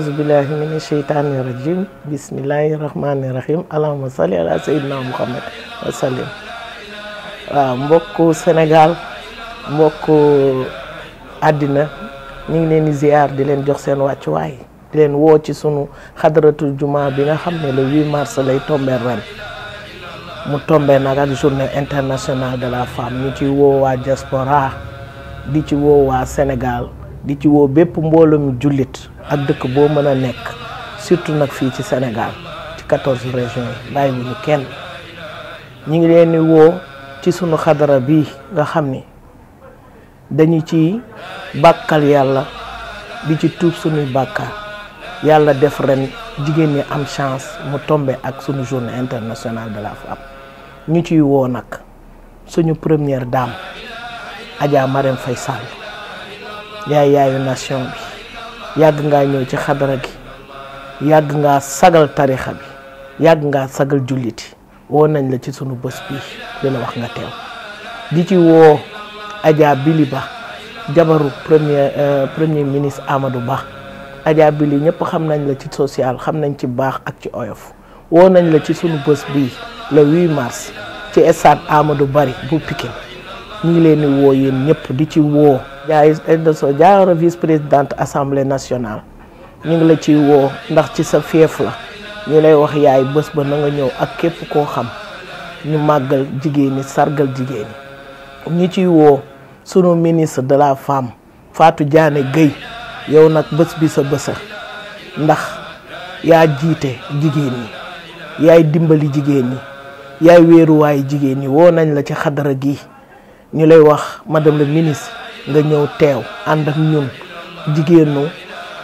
aousubillahi min asheytaani rajim bismillahi rahmaani rahim allahuma salli ala sayyidina muhammad wa sallim waaw mbokku Sénégal mbokku àddina ñu ngi leen di ziar di leen jox seen wàccuwaay di leen woo ci sunu xadaratul juma bi nga xam ne le 8 mars lay tomber ren mu tomber nag journée internationale de la femme ñu ci woowaa waa diaspora di ci woo Sénégal di ci woo bépp mbooloom jullit ak dëkk boo mën a nekk surtout nag fii ci Sénégal ci quatorze régions bi bàyyiwuñu kenn ñi ngi leen di woo ci sunu xadara bi nga xam ni dañu ci bàkkal yàlla di ci tuub sunuy bàkkaar yàlla def ren jigéen ñi am chance mu tombe ak sunu journée internationale de la femme ñu ciy woo nag suñu première dame Adja Marème Faye Sall yaay yaayu nation bi yàgg ngaa ñëw ci xadara gi yàgg ngaa sagal tarixa bi yàgg ngaa sagal julliti woo nañ la ci sunu bés bii dina wax nga teew di ci woo Adja Bili Ba jabaru premier euh, premier ministre Amadou Ba Adja Bili ñëpp xam nañ la ci social xam nañ ci baax ak ci oyof woo nañ la ci sunu bës bi la 8 mars ci stade Amadou Barry bu Pikine ñu ngi leen di woo yéen ñëpp di ci woo Dia Dosso Diawara vice-présidente assemblée nationale ñu ngi la ciy woo ndax ci sa fief la ñu lay wax yaay bés ba nanga ñëw ak képp koo xam ñu màggal jigéen ñi sargal jigéen ñi ñu ciy woo sunu ministre de la femme faatu jaane Guèye yow nag bés bi sa bésa ndax yaa jiite jigéen ñi yaay dimbali jigéen ñi yaay wéeruwaayu jigéen ñi woo nañ la ci xadara gi ñu lay wax madame la ministre nga ñëw teew ànd ak ñun jigéenu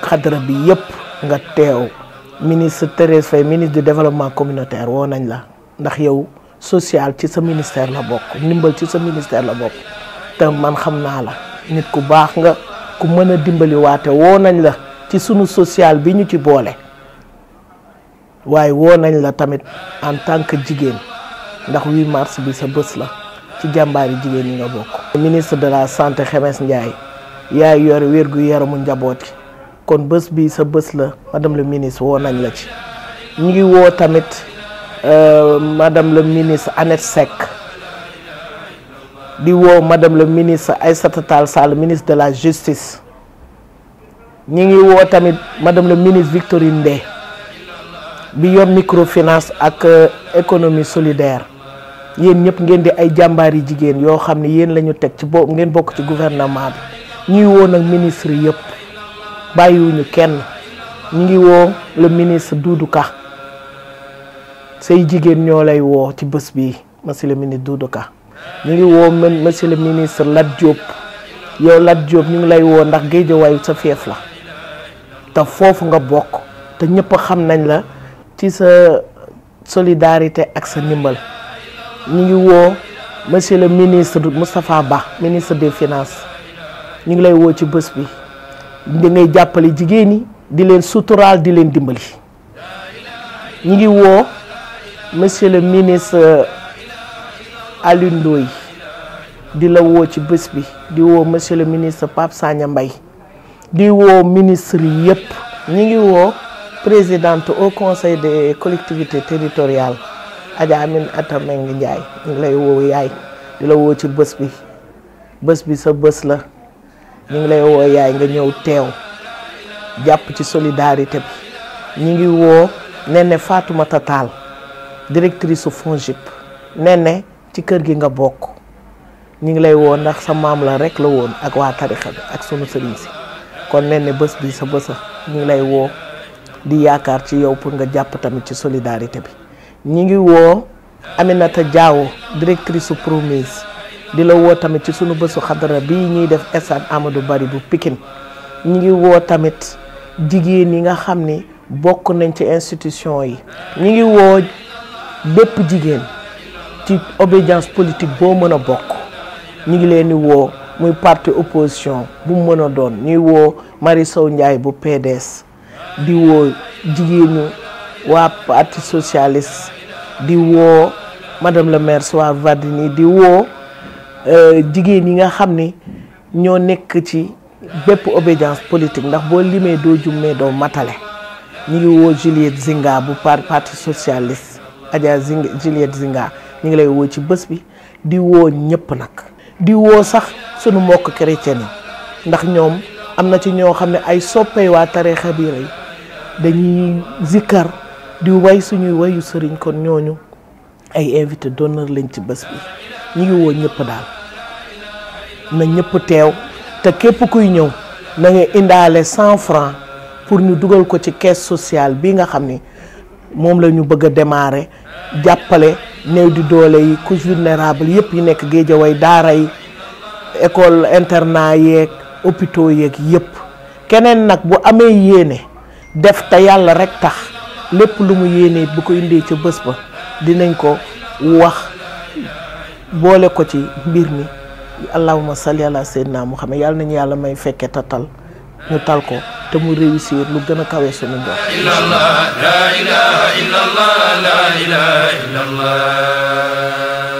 xadra bi yëpp nga teew ministre Thérèse Faye ministre du développement communautaire woo nañ la ndax yow social ci sa ministère la bokk ndimbal ci sa ministère la bokk te man xam naa la nit ku baax nga ku mën a dimbali waate woo nañ la ci suñu sociale bi ñu ci boole waaye woo nañ la tamit en tant que jigéen ndax 8 mars bi sa bës la ci jàmbaari jigéen yi nga bokk. ministre de la santé Xemes Ndiaye ya yor wér gu yaramu njabooti kon bés bi sa bés la madame le ministre woo nañ la ci ñu ngi woo tamit euh, madame le ministre Annette sec di woo madame le ministre aissata Tall Sall ministre de la justice ñi ngi woo tamit madame le ministre Victorine Ndeye bi yor microfinance ak euh, économie solidaire Yen ñep ngeen di ay jambari jigen, yo yoo yen ne tek la ci bo ngeen bok ci gouvernement bi ñi wo nak ministre yëpp bàyyiwuñu kenn ñi ngi wo le ministre Doudou Ka sey jigen ñoo lay ci bés monsieur le ministre Doudou Ka ñi ngi monsieur le ministre Lat Diop yo Lat Diop ñu ngi lay wo ndax way sa fief la ta fofu nga bok te ñep xam nañ la ci sa solidarité ak sa nimbal ñu ngi woo monsieur le ministre Moustapha Ba ministre des finance ñu ngi lay woo ci bés bi di jàppale jigéen ñi di leen suturaal di leen dimbali ñu ngi woo monsieur le ministre Alioune Ndoye di la woo ci bés bi di woo monsieur le ministre Pape Sagna Mbaye di woo ministre yëpp ñu ngi woo présidente au conseil des collectivité territoriales Adja Amin Ata Mbengue Ndiaye ñu ngi lay woo yaay di la woo ci bës bi bës bi sa bës la ñu ngi lay woo yaay nga ñëw teew jàpp ci solidarité bi ñu ngi woo Néné faatumata taal directrice su FONGIP Néné ci kër gi nga bokk ñu ngi lay woo ndax sa maam la rek la woon ak waa tarixa bi ak sunu sëriñ si kon Néné bés bi sa bés la ñu ngi lay woo di yaakaar ci yow pour nga jàpp tamit ci solidarité bi ñu ngi woo Aminata Diawo directrice su Promise di la woo tamit ci suñu bësu xadara bi ñuy def stade Amadou Barry bu Pikine ñu ngi woo tamit jigéen yi nga xam ni bokk nañ ci institution yi ñu ngi woo bépp jigéen ci obédience politique boo mën a bokk ñu ngi leen di woo muy parti opposition bu mu mën a doon ñuy woo Marie Sow Ndiaye bu PDS di woo jigéenu waa parti socialiste di woo madame le maire Soham El Wardini di woo euh, jigéen yi nga xam ni ñoo nekk ci bépp obédience politique ndax boo limee doo jummee doo matale ñu ngi woo Juliette Zinga bu par parti socialiste Adja Zinga Juliette Zinga ñu ngi lay woo ci bës bi di woo ñëpp nag. di woo sax sunu mbokk chrétien ndax ñoom am na ci ñoo xam ne ay soppey waa tarixa bii yi dañuy zikkar. di way suñuy wayu sëriñ kon ñooñu ay invité d'honneur lañ ci bés bi ñu ngi woo ñëpp daal na ñëpp teew te képp kuy ñëw na nga indaale cent francs pour ñu dugal ko ci caisse sociale bi nga xam ni moom la ñu bëgg a démarrer jàppale néew di doole yi couches vulnérables yëpp yi nekk Guédiawaye daara yi école internat yeeg hôpitaux yeeg yëpp keneen nag bu amee yéene def te yàlla rek tax lépp lu mu yéenee bu ko indee ca bés ba dinañ ko wax boole ko ci mbir mi allahuma naa ala xam ne yàlla nañu yàlla may fekke tatal ñu tal ko te mu réussir lu gën a kawe suñu ndox illallah la ilaha illallah la ilaha